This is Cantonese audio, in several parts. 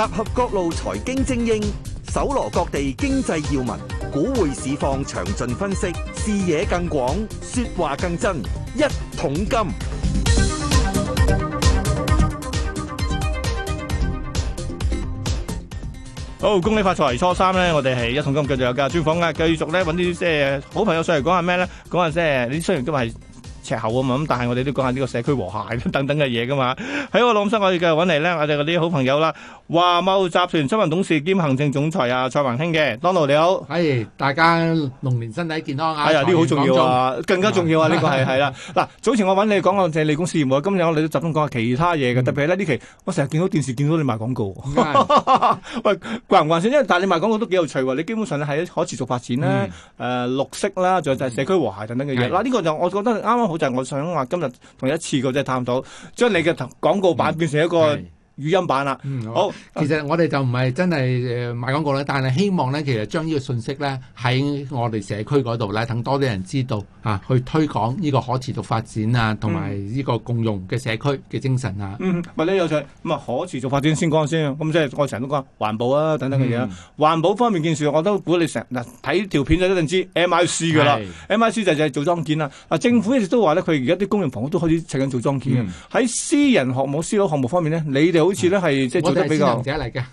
集合各路財經精英，搜羅各地經濟要聞，股匯市況詳盡分析，視野更廣，說話更真。一桶金，好，恭喜發財！初三咧，我哋係一桶金繼續有噶專訪啊，繼續咧揾啲即係好朋友上嚟講下咩咧，講下即係你雖然都係。劇口啊嘛，咁但係我哋都講下呢個社區和諧等等嘅嘢噶嘛。喺我諗，我哋繼續揾嚟呢，我哋嗰啲好朋友啦，華茂集團執行董事兼行政總裁啊，蔡宏興嘅，Donald 你好，哎、大家龍年身體健康啊，係、哎、啊，呢、這、好、個、重要啊，更加重要啊呢、這個係係啦。嗱，早前我揾你講講正理公司業務，今日我哋都集中講下其他嘢嘅、嗯，特別係呢期我成日見到電視見到你賣廣告哈哈，喂，怪唔怪先？因為但係你賣廣告都幾有趣喎，你基本上咧係可持續發展咧、啊，誒、嗯呃、綠色、啊、等等啦，仲有就係社區和諧等等嘅嘢。嗱呢個就我覺得啱啱好。就係、我想話今日同一次個即係探討將你嘅廣告版變成一個，嗯語音版啦、啊嗯，好，其實我哋就唔係真係誒賣廣告啦，但係希望呢，其實將呢個信息呢，喺我哋社區嗰度呢，等多啲人知道、啊、去推廣呢個可持續發展啊，同埋呢個共融嘅社區嘅精神啊。嗯，唔係有就咁啊，可持續發展先講先，咁即係我成日都講環保啊等等嘅嘢。環保方面件事，我都估你成嗱睇條片就一定知 M I C 㗎啦，M I C 就就係做裝建啦。啊，政府一直都話呢，佢而家啲公營房屋都開始請緊做裝建。喺私人項目、私樓項目方面呢。你哋好。好似咧，係即係做得比較，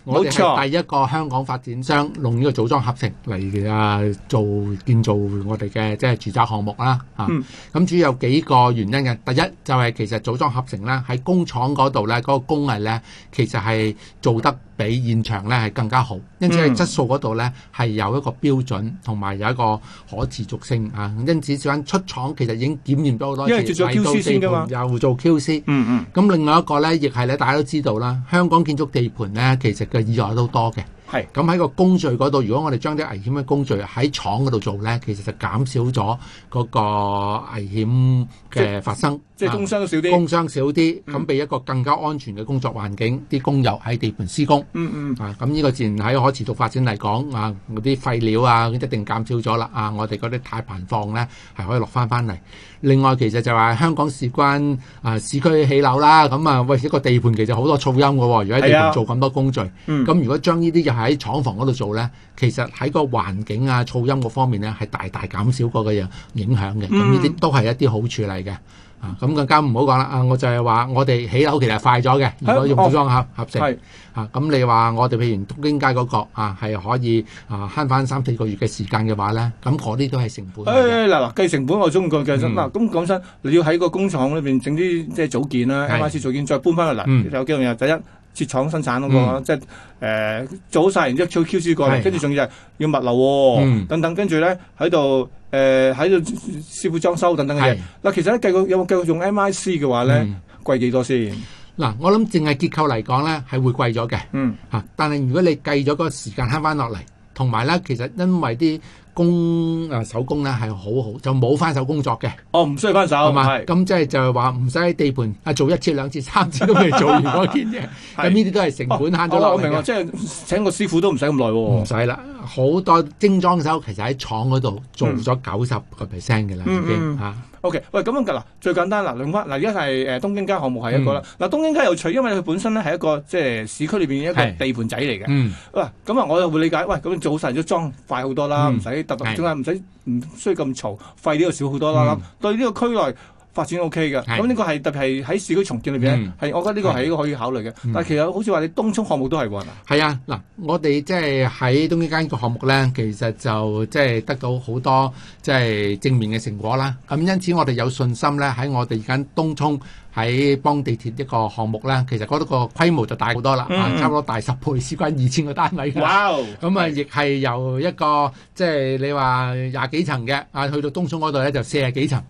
冇錯。第一個香港發展商用呢個組裝合成嚟，啊做建造我哋嘅，即係住宅項目啦嚇。咁、嗯啊、主要有幾個原因嘅。第一就係其實組裝合成咧喺工廠嗰度咧嗰個，工藝咧其實係做得比現場咧係更加好，因此質素嗰度咧係有一個標準同埋有一個可持續性啊。因此講，出廠其實已經檢驗咗好多次。因為做，做 QC 先㗎嘛，又做 QC。嗯嗯。咁另外一個咧，亦係咧大家都知道。香港建築地盤呢，其實嘅意外都多嘅。係，咁喺個工序嗰度，如果我哋將啲危險嘅工序喺廠嗰度做咧，其實就減少咗嗰個危險嘅發生，即係、啊、工傷少啲，工傷少啲，咁、嗯、俾一個更加安全嘅工作環境，啲工友喺地盤施工，嗯嗯，啊，咁呢個自然喺可持續發展嚟講，啊，嗰啲廢料啊，一定減少咗啦，啊，我哋嗰啲太頻放咧，係可以落翻翻嚟。另外，其實就話香港事關啊市區起樓啦，咁啊喂，一個地盤其實好多噪音嘅喎，如果喺地盤、啊、做咁多工序，咁、嗯、如果將呢啲喺廠房嗰度做咧，其實喺個環境啊、噪音嗰方面咧，係大大減少過個嘢影響嘅。咁呢啲都係一啲好處嚟嘅。啊，咁更加唔好講啦。啊，我就係話我哋起樓其實係快咗嘅。如果用組裝合、啊、合成，啊，咁你話我哋譬如東京街嗰、嗰個啊，係可以啊慳翻三四個月嘅時間嘅話咧，咁嗰啲都係成本。嗱、哎、嗱，計、哎哎哎、成本我中意計得嗱，咁講真，你要喺個工廠裏邊整啲即係組件啦 MiC 組件再搬翻去嗱，嗯、其實有幾樣嘢第一。設廠生產嗰、那個、嗯、即係誒、呃、做晒，然之後 QC 過、那、嚟、個，跟住仲要係要物流、哦嗯、等等，跟住咧喺度誒喺度師傅裝修等等嘅嘢。嗱，其實咧計過，有冇計過用 MIC 嘅話咧，貴幾多先？嗱，我諗淨係結構嚟講咧係會貴咗嘅。嗯，吓、嗯，但係如果你計咗個時間慳翻落嚟。同埋咧，其實因為啲工、啊、手工咧係好好，就冇翻手工作嘅。哦，唔需要翻手係嘛？咁即係就係話唔使喺地盤啊做一次、兩次、三次都未做完嗰件嘢。咁呢啲都係成本慳咗啦。我明喎，即係請個師傅都唔使咁耐喎。唔使啦，好多精裝手其實喺廠嗰度做咗九十個 percent 嘅啦，已經、啊 O、okay, K，喂，咁樣噶啦，最簡單啦，兩屈嗱，而家係誒東京街項目係一個啦。嗱、嗯，東京街有趣，因為佢本身咧係一個即係市區裏邊一個地盤仔嚟嘅。嗯喂，咁啊，我就會理解。喂，咁做晒咗裝快好多啦，唔使特特中間，唔使唔需要咁嘈，費呢個少好多啦、嗯。對呢個區內發展 OK 嘅，咁呢個係特別係喺市區重建裏面。咧、嗯，我覺得呢個係一個可以考慮嘅。但其實好似話你東涌項目都係喎，係、嗯、啊，嗱，我哋即係喺東涌間個項目咧，其實就即係得到好多即係正面嘅成果啦。咁因此我哋有信心咧，喺我哋而家東涌。喺幫地鐵一個項目咧，其實嗰度個規模就大好多啦、嗯啊，差唔多大十倍，事關二千個單位。哇、哦！咁啊，亦係由一個即係你話廿幾層嘅，啊去到東涌嗰度咧就四十幾層。咁、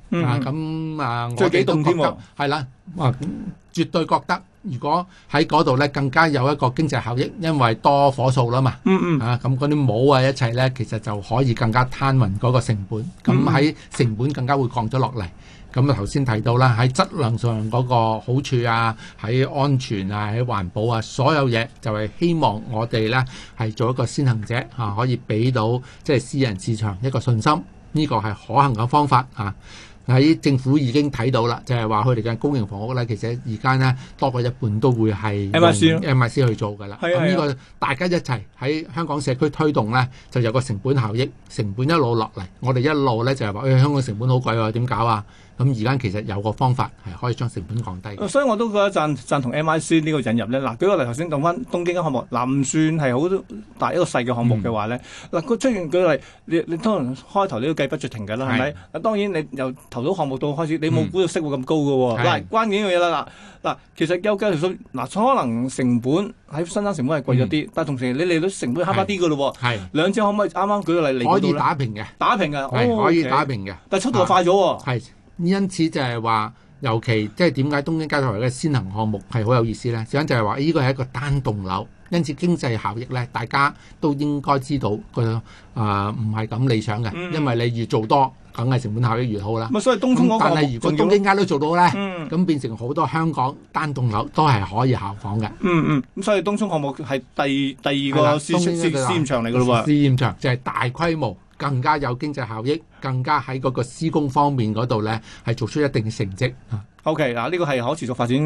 嗯、啊，啊我都覺得係啦、啊。哇！絕對覺得，如果喺嗰度咧，更加有一個經濟效益，因為多火數啦嘛。嗯嗯。啊，咁嗰啲帽啊，一齊咧，其實就可以更加攤勻嗰個成本，咁、嗯、喺成本更加會降咗落嚟。咁啊，頭先提到啦，喺質量上嗰個好處啊，喺安全啊，喺環保啊，所有嘢就係希望我哋咧係做一個先行者嚇，可以俾到即係私人市場一個信心。呢個係可行嘅方法啊。喺政府已經睇到啦，就係話佢哋嘅公營房屋咧，其實而家咧多過一半都會係 MiC MiC 去做㗎啦。咁呢個大家一齊喺香港社區推動咧，就有個成本效益。成本一路落嚟，我哋一路咧就係話：「誒香港成本好貴喎，點搞啊？咁而家其實有個方法係可以將成本降低。所以我都覺得贊贊同 MIC 呢個引入咧。嗱，舉個例頭先講翻東京嘅項目，嗱、啊、唔算係好大一個細嘅項目嘅話咧。嗱、嗯、個、啊、出現舉例，你你當然開頭你都計不着停㗎啦，係咪？嗱、啊、當然你由投到項目到開始，你冇估到息會咁高嘅喎。嗱、嗯啊啊、關鍵嘅嘢啦，嗱、啊、嗱、啊、其實有幾條數，嗱、啊、可能成本喺、啊、生產成本係貴咗啲，嗯、但同時你利率成本慳一啲㗎咯喎。啊、兩者可唔可以啱啱舉個例嚟到可以打平嘅，打平嘅，係可以打平嘅、哦 okay，但係速度快咗喎。啊因此就係話，尤其即係點解東京街頭圍嘅先行項目係好有意思咧？首先就係話，呢、這個係一個單棟樓，因此經濟效益咧，大家都應該知道佢啊唔係咁理想嘅、嗯，因為你越做多，梗係成本效益越好啦。咁所以東涌嗰個，但係如果東京街都做到咧，咁、嗯、變成好多香港單棟樓都係可以效仿嘅。嗯嗯，咁所以東涌項目係第第二個試試試驗場嚟嘅咯喎，試驗場就係大規模。更加有經濟效益，更加喺嗰個施工方面嗰度咧，係做出一定嘅成績。O K，嗱呢個係可持續發展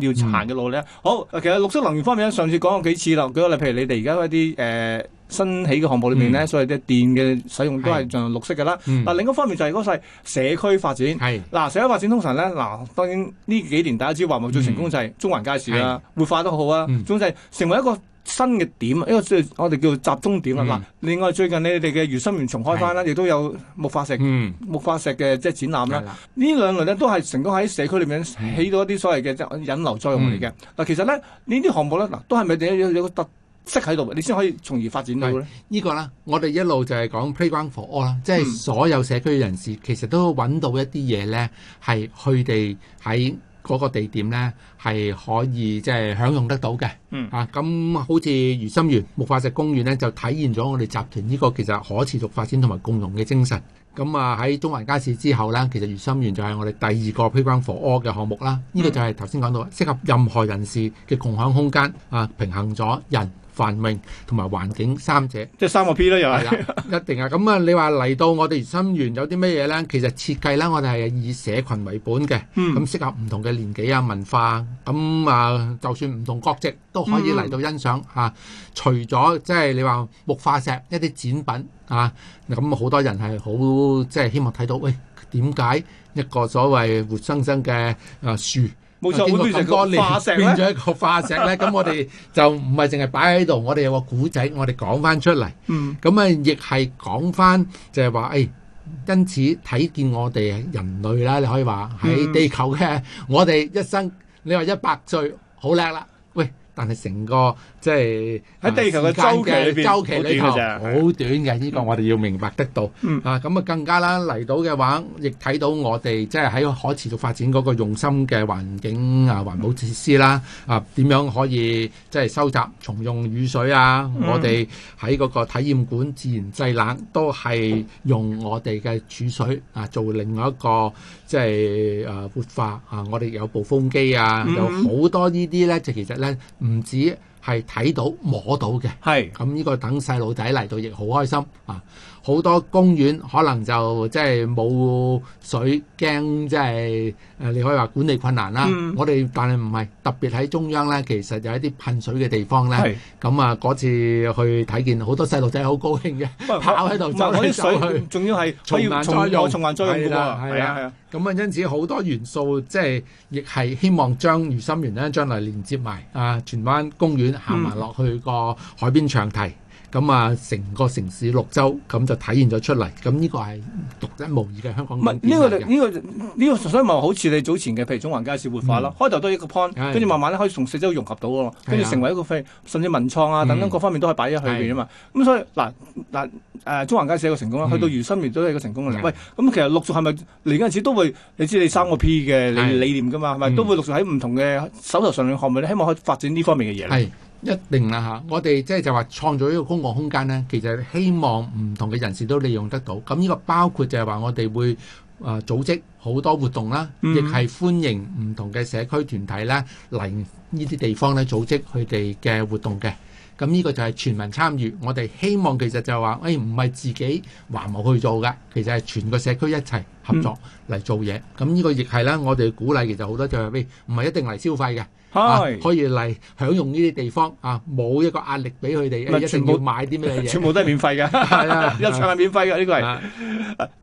要行嘅路咧、嗯。好、啊，其實綠色能源方面咧，上次講過幾次啦。舉例，譬如你哋而家一啲誒、呃、新起嘅項目裏面咧、嗯，所有啲電嘅使用都係盡量綠色㗎啦。嗱、嗯，另一方面就係嗰個係社區發展。係、嗯、嗱、啊，社區發展通常咧，嗱、啊，當然呢幾年大家知華懋最成功就係中環街市啊、嗯嗯、活化得好好啊，總、嗯、之成為一個。新嘅點，因為我哋叫做集中點啦。嗱、嗯，另外最近你哋嘅如心園重開翻啦，亦都有木化石、嗯、木化石嘅即係展覽啦。呢兩類呢都係成功喺社區裏面起到一啲所謂嘅引流作用嚟嘅。嗱、嗯，其實咧呢啲項目咧，嗱都係咪有有個特色喺度，你先可以從而發展到咧？依、這個啦，我哋一路就係講 Playground for All 啦，即係所有社區嘅人士其實都揾到一啲嘢咧，係佢哋喺。嗰、那個地點呢，係可以即係、就是、享用得到嘅，咁、嗯啊、好似如心園木化石公園呢，就體現咗我哋集團呢個其實可持續發展同埋共融嘅精神。咁啊喺中環街市之後呢，其實如心園就係我哋第二個 Playground for All 嘅項目啦。呢、嗯這個就係頭先講到適合任何人士嘅共享空間啊，平衡咗人，繁榮同埋環境三者，即係三個 P 啦，又係一定啊！咁啊，你話嚟到我哋深園有啲咩嘢咧？其實設計啦，我哋係以社群為本嘅，咁、嗯、適合唔同嘅年紀啊、文化咁啊，就算唔同國籍都可以嚟到欣賞嚇、嗯啊。除咗即係你話木化石一啲展品啊，咁好多人係好即係希望睇到喂點解一個所謂活生生嘅啊樹？冇經過曬鍛鍊，變咗一個化石咧。咁 我哋就唔係淨係擺喺度，我哋有個古仔，我哋講翻出嚟。嗯，咁啊，亦係講翻就係話，誒，因此睇見我哋人類啦，你可以話喺地球嘅、嗯，我哋一生你話一百歲好叻啦。喂，但係成個。即係喺地球嘅周期週期裏頭，好短嘅呢、呢個我哋要明白得到。嗯、啊，咁啊更加啦嚟到嘅話，亦睇到我哋即係喺可持續發展嗰個用心嘅環境啊，環保設施啦啊，點樣可以即係收集重用雨水啊。嗯、我哋喺嗰個體驗館自然製冷都係用我哋嘅儲水啊，做另外一個即係啊活化啊。我哋有部風機啊，嗯、有好多呢啲呢啲咧，就其實咧唔止。係睇到摸到嘅，係咁，呢個等細路仔嚟到亦好開心啊！好多公園可能就即係冇水，驚即係你可以話管理困難啦，嗯。我哋但係唔係特別喺中央咧，其實有一啲噴水嘅地方咧。咁啊，嗰次去睇見好多細路仔好高興嘅，跑喺度就啲水去，仲要係循環再用，循環再啊係啊，咁啊，啊，啊，啊，因此好多元素即係亦係希望將余心園咧，將來連接埋啊，荃灣公園行埋落去個海邊長堤。咁、嗯、啊，成個城市綠洲咁就體現咗出嚟。咁呢個係獨一無二嘅香港。唔係呢個，呢、這個，呢、這個，所以咪好似你早前嘅譬如中環街市活化咯，開、嗯、頭都係一個 point，跟住慢慢咧可以從四周融合到咯，跟住成為一個飛，甚至文創啊等等各方面都可以擺喺裏邊啊嘛。咁、嗯、所以嗱嗱誒，中環街市一個成功啦，去到如心園都係一個成功嘅嚟、嗯。喂，咁、嗯嗯嗯、其實陸續係咪嚟緊時都會，你知你三個 P 嘅、嗯、理念噶嘛，係、嗯、咪都會陸續喺唔同嘅手頭上嘅項目咧，希望可以發展呢方面嘅嘢咧。一定啦嚇！我哋即係就話創造呢個公共空間咧，其實希望唔同嘅人士都利用得到。咁呢個包括就係話我哋會誒組織好多活動啦，亦係歡迎唔同嘅社區團體咧嚟呢啲地方咧組織佢哋嘅活動嘅。咁呢個就係全民參與。我哋希望其實就係話，誒唔係自己還冇去做嘅，其實係全個社區一齊合作嚟做嘢。咁呢個亦係咧，我哋鼓勵其實好多就係喂，唔係一定嚟消費嘅。啊、可以嚟享用呢啲地方啊，冇一個壓力俾佢哋，唔係一定要買啲咩嘢，全部都係免費㗎！係 啦對、啊，一場係免費㗎！呢、啊呢個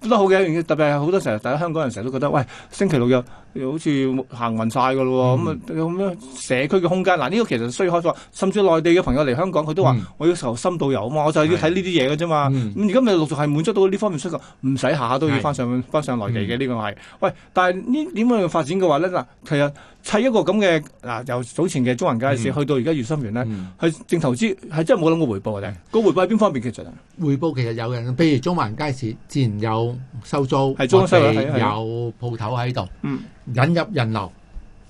係都、啊、好嘅，特別係好多時候，大家香港人成日都覺得，喂，星期六有……」好似行勻晒噶咯喎，咁啊有咩社區嘅空間？嗱、嗯、呢、啊呢個其實需要開放，甚至內地嘅朋友嚟香港，佢都話、嗯、我要求深度遊啊嘛，我就要睇呢啲嘢㗎。嗯」啫、啊、嘛。咁而家咪陸續係滿足到呢方面需求，唔使下下都要翻上翻、嗯、上內地嘅呢個係。喂，但係呢點樣發展嘅話咧？嗱，其實砌一個咁嘅嗱由早前嘅中環街市、嗯、去到而家越心園呢，佢、嗯、正投資係真係冇諗過回報嘅，個回報喺邊方面其實？回報其實有嘅，譬如中環街市自然有收租，我有鋪頭喺度。嗯引入人流，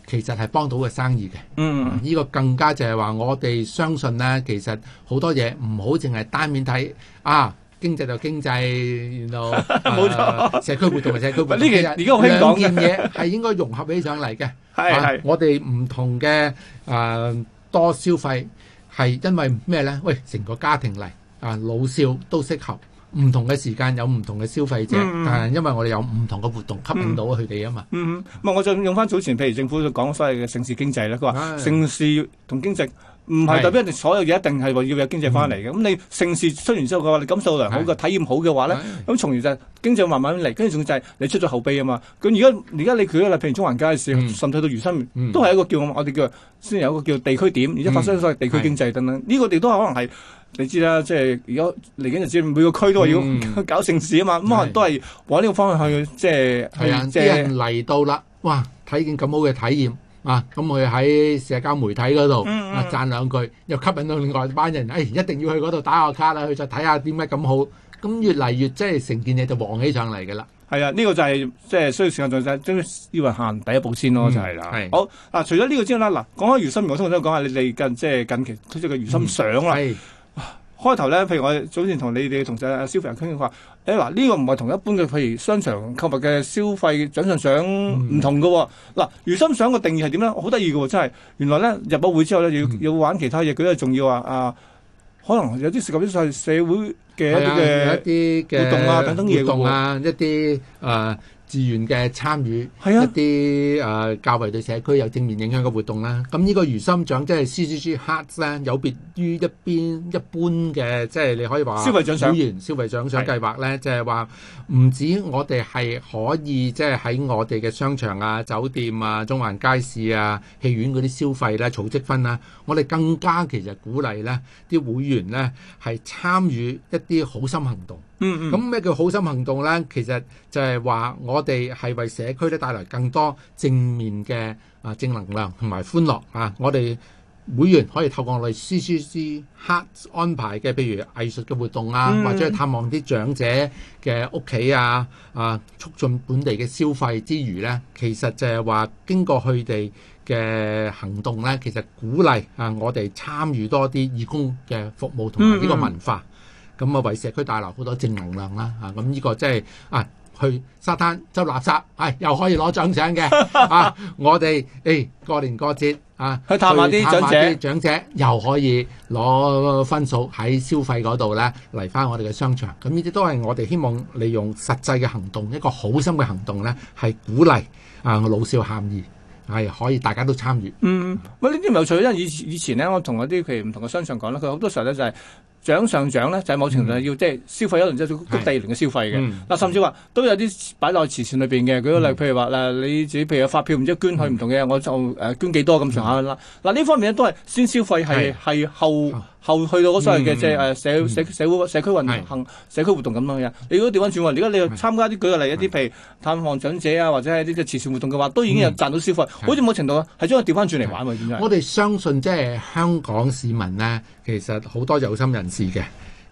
其實係幫到嘅生意嘅。嗯，依、啊呢個更加就係話我哋相信咧，其實好多嘢唔好淨係單面睇啊。經濟就經濟，然後冇錯社區活動同社區活動，活動件其實兩件嘢係應該融合起上嚟嘅。係 係、啊，我哋唔同嘅誒、啊、多消費係因為咩咧？喂，成個家庭嚟啊，老少都適合。唔同嘅時間有唔同嘅消費者，嗯、但係因為我哋有唔同嘅活動吸引到佢哋啊嘛。唔、嗯嗯，我就用翻早前，譬如政府講所謂嘅城市經濟啦，佢話城市同經濟。唔係代表所有嘢一定係話要有經濟翻嚟嘅。咁、嗯、你盛事出完之後，嘅話你感受良好嘅體驗好嘅話咧，咁從而就經濟慢慢嚟。跟住仲就係你出咗後備啊嘛。咁而家而家你舉例譬如中環街市、嗯，甚至到如心、嗯，都係一個叫我哋叫先有一個叫地區點，而家發生咗地區經濟等等。呢、嗯這個地方都可能係你知啦，即係而家嚟緊就知、是、每個區都係要搞盛事啊嘛。咁可能都係往呢個方向去、就是，即係啲人嚟到啦，哇！睇見咁好嘅體驗。啊，咁佢喺社交媒體嗰度、嗯嗯、啊，讚兩句，又吸引到另外一班人，誒、哎，一定要去嗰度打下卡啦，去再睇下點解咁好，咁越嚟越即係成件嘢就旺起上嚟㗎啦。係啊，呢、這個就係即係需要時間再、就、曬、是，都要行第一步先咯，就係、是、啦、嗯。好、啊、除咗呢個之外啦，嗱，講開魚心，我想常講下你哋近即係近期推出嘅余心相啦、嗯。開頭咧，譬如我早前你同你哋同阿阿消費人傾嘅話，誒，嗱，呢個唔係同一般嘅譬如商場購物嘅消費獎信賞唔同嘅喎、哦，嗱、嗯、如、啊、心賞嘅定義係點咧？好得意嘅喎，真係原來咧，入咗會之後咧，要要玩其他嘢，佢咧仲要話啊，可能有啲涉及啲社社會嘅一啲嘅、啊、活動啊等等嘢嘅喎，一啲啊自願嘅參與、啊、一啲誒、呃、較為對社區有正面影響嘅活動啦，咁呢個如心獎即係 CCG Hearts 咧，有別於一邊一般嘅即係你可以話消費獎賞會員消費獎賞計劃咧、就是，即係話唔止我哋係可以即係喺我哋嘅商場啊、酒店啊、中環街市啊、戲院嗰啲消費啦、啊、儲積分啦、啊，我哋更加其實鼓勵咧啲會員咧係參與一啲好心行動。嗯，咁咩叫好心行動咧？其實就係話，我哋係為社區咧帶來更多正面嘅啊正能量同埋歡樂啊！我哋會員可以透過我哋 C C C 安排嘅，譬如藝術嘅活動啊，或者係探望啲長者嘅屋企啊，啊促進本地嘅消費之餘咧，其實就係話經過佢哋嘅行動咧，其實鼓勵啊我哋參與多啲義工嘅服務同埋呢個文化。咁啊，為社區帶來好多正能量啦、啊！咁呢個即係啊，去沙灘執垃圾，係、哎、又可以攞獎賞嘅 啊！我哋誒、哎、過年過節啊，去探下啲長，長，長者，又可以攞分數喺消費嗰度咧嚟返我哋嘅商場。咁呢啲都係我哋希望利用實際嘅行動，一個好心嘅行動咧，係鼓勵啊老少咸宜，係可以大家都參與。嗯，喂，呢啲咪有趣？因為以以前咧，我同嗰啲譬如唔同嘅商場講咧，佢好多時候咧就係、是。漲上漲咧，就係某程度上要即係、嗯就係、消費一輪之後，就係、谷第二輪嘅消費嘅。嗱、嗯啊，甚至話都有啲擺落慈善裏邊嘅。舉個例，譬如話你自己譬如有發票，唔知捐去唔同嘅、嗯，我就誒捐幾多咁上下啦。嗱呢、嗯啊、方面咧都係先消費係係後。啊後去到嗰所謂嘅即係社、嗯嗯、社社、社會社區運行、嗯、社區活動咁樣嘅、嗯。你如果調翻轉話，如、嗯、果你要參加啲舉個例一啲，譬、嗯、如探望長者啊，或者係呢啲慈善活動嘅話，都已經有賺到消費，嗯、好似某程度係、嗯、將佢調翻轉嚟玩嘅。點解我哋相信即係香港市民咧、啊，其實好多有心人士嘅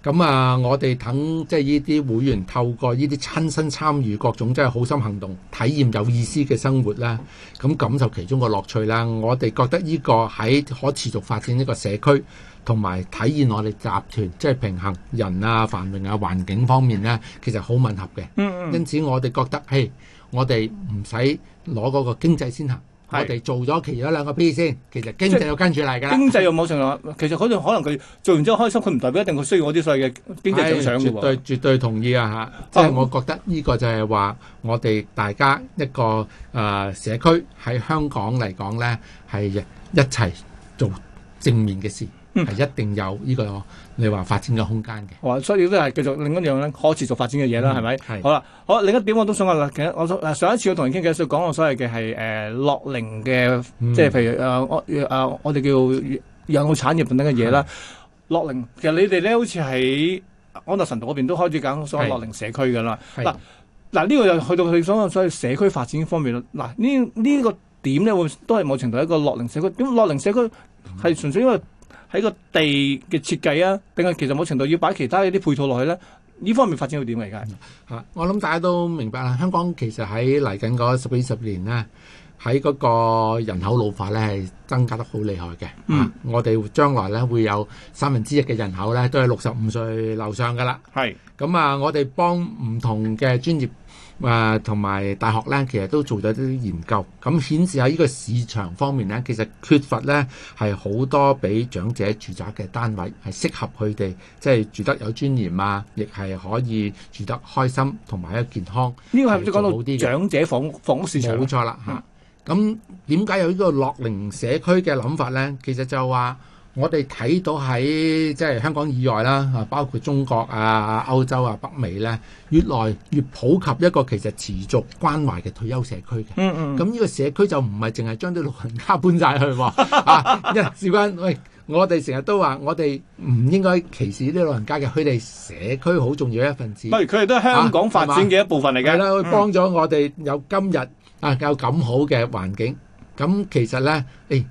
咁啊。我哋等即係呢啲會員透過呢啲親身參與各種真係好心行動，體驗有意思嘅生活啦，咁感受其中個樂趣啦。我哋覺得呢個喺可持續發展呢個社區。同埋體現我哋集團，即係平衡人啊、繁榮啊、環境方面咧，其實好吻合嘅。嗯嗯。因此我哋覺得，嘿，我哋唔使攞嗰個經濟先行，我哋做咗其中兩個 P 先，其實經濟要跟住嚟噶啦。經濟又冇上來， 其實嗰種可能佢做完之後開心，佢唔代表一定佢需要我啲所謂嘅經濟增長嘅。絕對絕對同意啊！即、啊、係、嗯、我覺得呢個就係話我哋大家一個、呃、社區喺香港嚟講咧，係一齊做正面嘅事。嗯，係一定有呢、這個，你話發展嘅空間嘅。哇、嗯，所以都係繼續另一樣咧，可持續發展嘅嘢啦，係咪、嗯？好啦，好，另一點我都想講啦。其實我上一次我同人傾偈，就講我所謂嘅係誒樂齡嘅，即係譬如誒、呃呃呃、我誒我哋叫養老產業等等嘅嘢啦。樂齡其實你哋咧，好似喺安達臣道嗰邊都開始講所謂樂齡社區噶啦。嗱嗱呢個又去到你所謂社區發展方面，嗱呢呢個點咧，會，會都係某程度一個樂齡社區。咁樂齡社區係純粹因為、嗯？喺個地嘅設計啊，定係其實某程度要擺其他嘅啲配套落去咧，呢方面發展會點嚟噶？嚇，我諗大家都明白啦。香港其實喺嚟緊嗰十幾十年咧，喺嗰個人口老化咧係增加得好厲害嘅、嗯。啊，我哋將來咧會有三分之一嘅人口咧都係六十五歲樓上噶啦。係咁啊，我哋幫唔同嘅專業。誒同埋大學呢，其實都做咗啲研究，咁顯示喺呢個市場方面呢，其實缺乏呢係好多俾長者住宅嘅單位，係適合佢哋即係住得有尊嚴啊，亦係可以住得開心同埋一個健康。呢個係咪講講到長者房房屋市場？冇錯啦嚇。咁點解有呢個樂齡社區嘅諗法呢？其實就話。我哋睇到喺即係香港以外啦，啊，包括中國啊、歐洲啊、北美咧，越來越普及一個其實持續關懷嘅退休社區嘅。嗯嗯。咁呢個社區就唔係淨係將啲老人家搬曬去喎啊！因為事關喂，我哋成日都話我哋唔應該歧視啲老人家嘅，佢哋社區好重要一份子。唔係，佢哋都係香港發展嘅一部分嚟嘅。係啦，幫咗我哋有今日啊，有咁好嘅環境。咁其實咧，誒，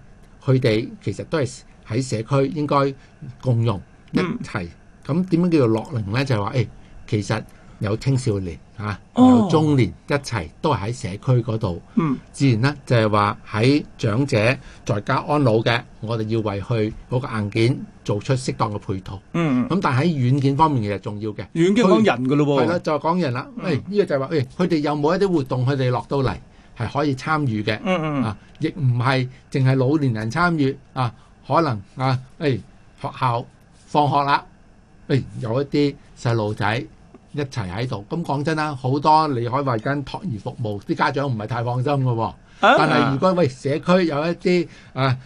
佢哋其實都係。喺社區應該共融一齊咁點、嗯、樣，樣叫做樂齡咧？就係話誒，其實有青少年嚇，啊哦、有中年一齊都係喺社區嗰度、嗯。自然咧就係話喺長者在家安老嘅，我哋要為佢嗰個硬件做出適當嘅配套。咁、嗯、但係喺軟件方面其實重要嘅軟件人的講人噶咯喎，係啦，就係講人啦。誒、欸、呢、這個就係話誒，佢、欸、哋有冇一啲活動，佢哋落到嚟係可以參與嘅、嗯嗯。啊，亦唔係淨係老年人參與啊。可能啊、哎，學校放學啦，誒、哎、有一啲細路仔一齊喺度。咁講真啦，好多你開埋間託兒服務，啲家長唔係太放心喎、啊。但係如果喂社區有一啲誒、啊、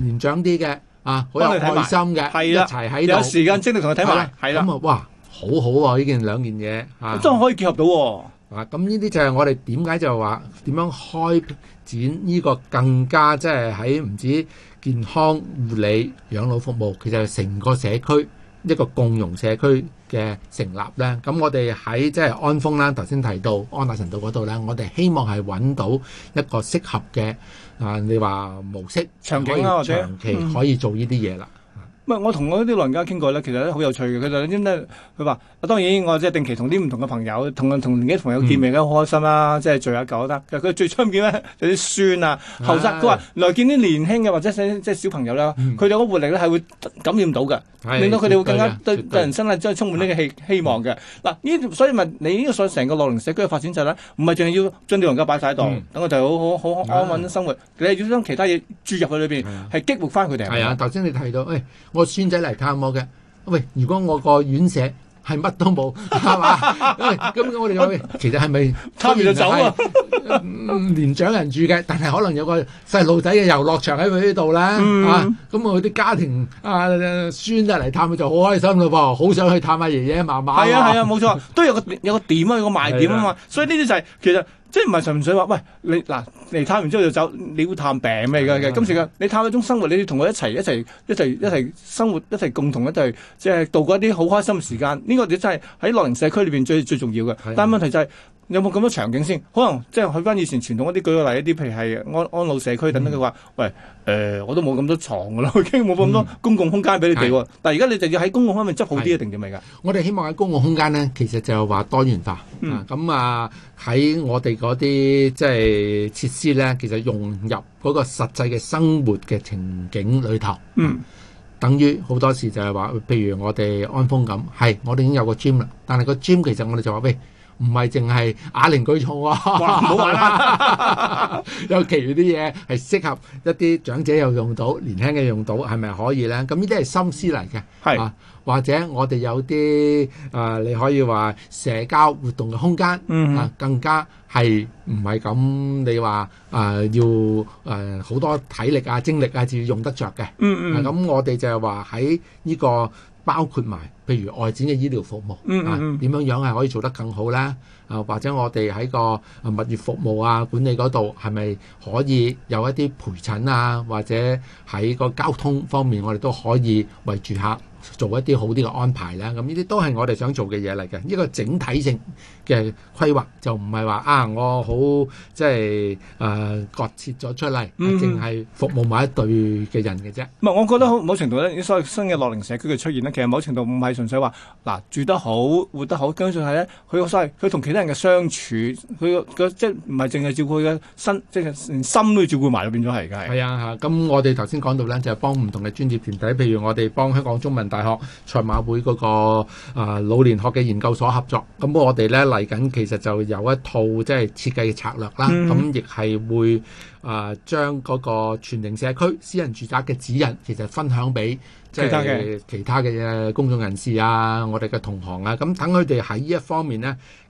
年長啲嘅啊，好有愛心嘅，一齊喺度有時間精力同佢睇埋。係、啊、啦，咁啊，啊哇，好好喎，呢件兩件嘢真係可以結合到、啊。咁呢啲就係我哋點解就話點樣開展呢個更加即係喺唔止健康護理養老服務，其實係成個社區一個共融社區嘅成立呢。咁我哋喺即係安豐啦，頭先提到安達臣道嗰度呢，我哋希望係揾到一個適合嘅啊，你話模式，長期、啊、長期可以做呢啲嘢啦。我同嗰啲老人家傾過咧，其實都好有趣嘅。佢就點咧？佢話：當然我即係定期同啲唔同嘅朋友，同同年紀朋友見面咧，好、嗯、開心啦、啊，即係聚下舊得。其實佢最出唔見咧，有啲酸啊。後生佢話來見啲年輕嘅或者即係小朋友咧，佢哋嗰活力咧係會感染到嘅、嗯，令到佢哋會更加對對人生咧即係充滿呢個希希望嘅。嗱、啊，呢、啊嗯、所以咪你呢個所謂成個樂齡社區嘅發展就係啦，唔係淨係要將啲老人家擺晒喺度，等佢哋好好好安穩生活。啊、你係要將其他嘢注入佢裏邊，係、啊、激活翻佢哋。係、哎、啊，頭先你提到誒。哎我個孫仔嚟探我嘅，喂！如果我個院舍係乜都冇，係 嘛？咁我哋有，其實係咪？探完就走啊！年長人住嘅，但係可能有個細路仔嘅遊樂場喺佢呢度啦，嚇、嗯！咁、啊、我啲家庭啊孫仔嚟探佢就好開心咯噃，好想去探下爺爺嫲嫲。係啊係啊，冇、啊、錯，都有個有個點啊，有個賣點啊嘛。所以呢啲就係、是、其實即係唔係純粹話，喂，你嗱嚟，探完之後就走，你要探病咩嘅？今時嘅你探一種生活，你要同佢一齊一齊一齊一齊生活，一齊共同一齊即係度過一啲好開心嘅時間。呢、這個我真係喺樂齡社區裏邊最最重要嘅。但係問題就係、是。有冇咁多場景先？可能即係去翻以前傳統啲，舉個例一啲，譬如係安安老社區等等。佢、嗯、話：喂，誒、呃，我都冇咁多床噶啦，我已經冇咁多公共空間俾你哋、嗯。但而家你就要喺公共方面執好啲一定係咪㗎？我哋希望喺公共空間咧，其實就係話多元化。咁、嗯、啊，喺、啊、我哋嗰啲即係設施咧，其實融入嗰個實際嘅生活嘅情景裏頭。嗯，啊、等於好多時就係話，譬如我哋安風咁，係我哋已經有個 gym 啦，但係個 gym 其實我哋就話喂。唔係淨係啞鈴舉重喎，唔好話啦。有 其餘啲嘢係適合一啲長者又用到，年輕嘅用到，係咪可以咧？咁呢啲係心思嚟嘅、啊，或者我哋有啲、呃、你可以話社交活動嘅空間，嗯啊、更加係唔係咁？你話、呃、要好、呃、多體力啊、精力啊至用得着嘅。咁嗯嗯、啊、我哋就係話喺呢個。包括埋譬如外展嘅醫療服務，啊、嗯嗯，點樣樣係可以做得更好咧？啊，或者我哋喺個物業服務啊管理嗰度係咪可以有一啲陪診啊，或者喺個交通方面我哋都可以為住客。做一啲好啲嘅安排啦，咁呢啲都係我哋想做嘅嘢嚟嘅。一個整體性嘅規劃就唔係話啊，我好即係誒割切咗出嚟，淨、嗯、係服務埋一對嘅人嘅啫。唔係，我覺得好某程度呢，所謂新嘅樂齡社區嘅出現呢，其實某程度唔係純粹話嗱住得好、活得好，根本上係呢，佢嘅佢同其他人嘅相處，佢嘅即係唔係淨係照顧佢嘅身，即係心都要照顧埋，變咗係㗎。係啊，咁我哋頭先講到呢，就係、是、幫唔同嘅專業團體，譬如我哋幫香港中文。大學賽馬會嗰、那個、呃、老年學嘅研究所合作，咁我哋咧嚟緊，其實就有一套即係、就是、設計嘅策略啦。咁亦係會啊、呃、將嗰個全齡社區私人住宅嘅指引，其實分享俾即係其他嘅公眾人士啊，我哋嘅同行啊，咁等佢哋喺呢一方面呢。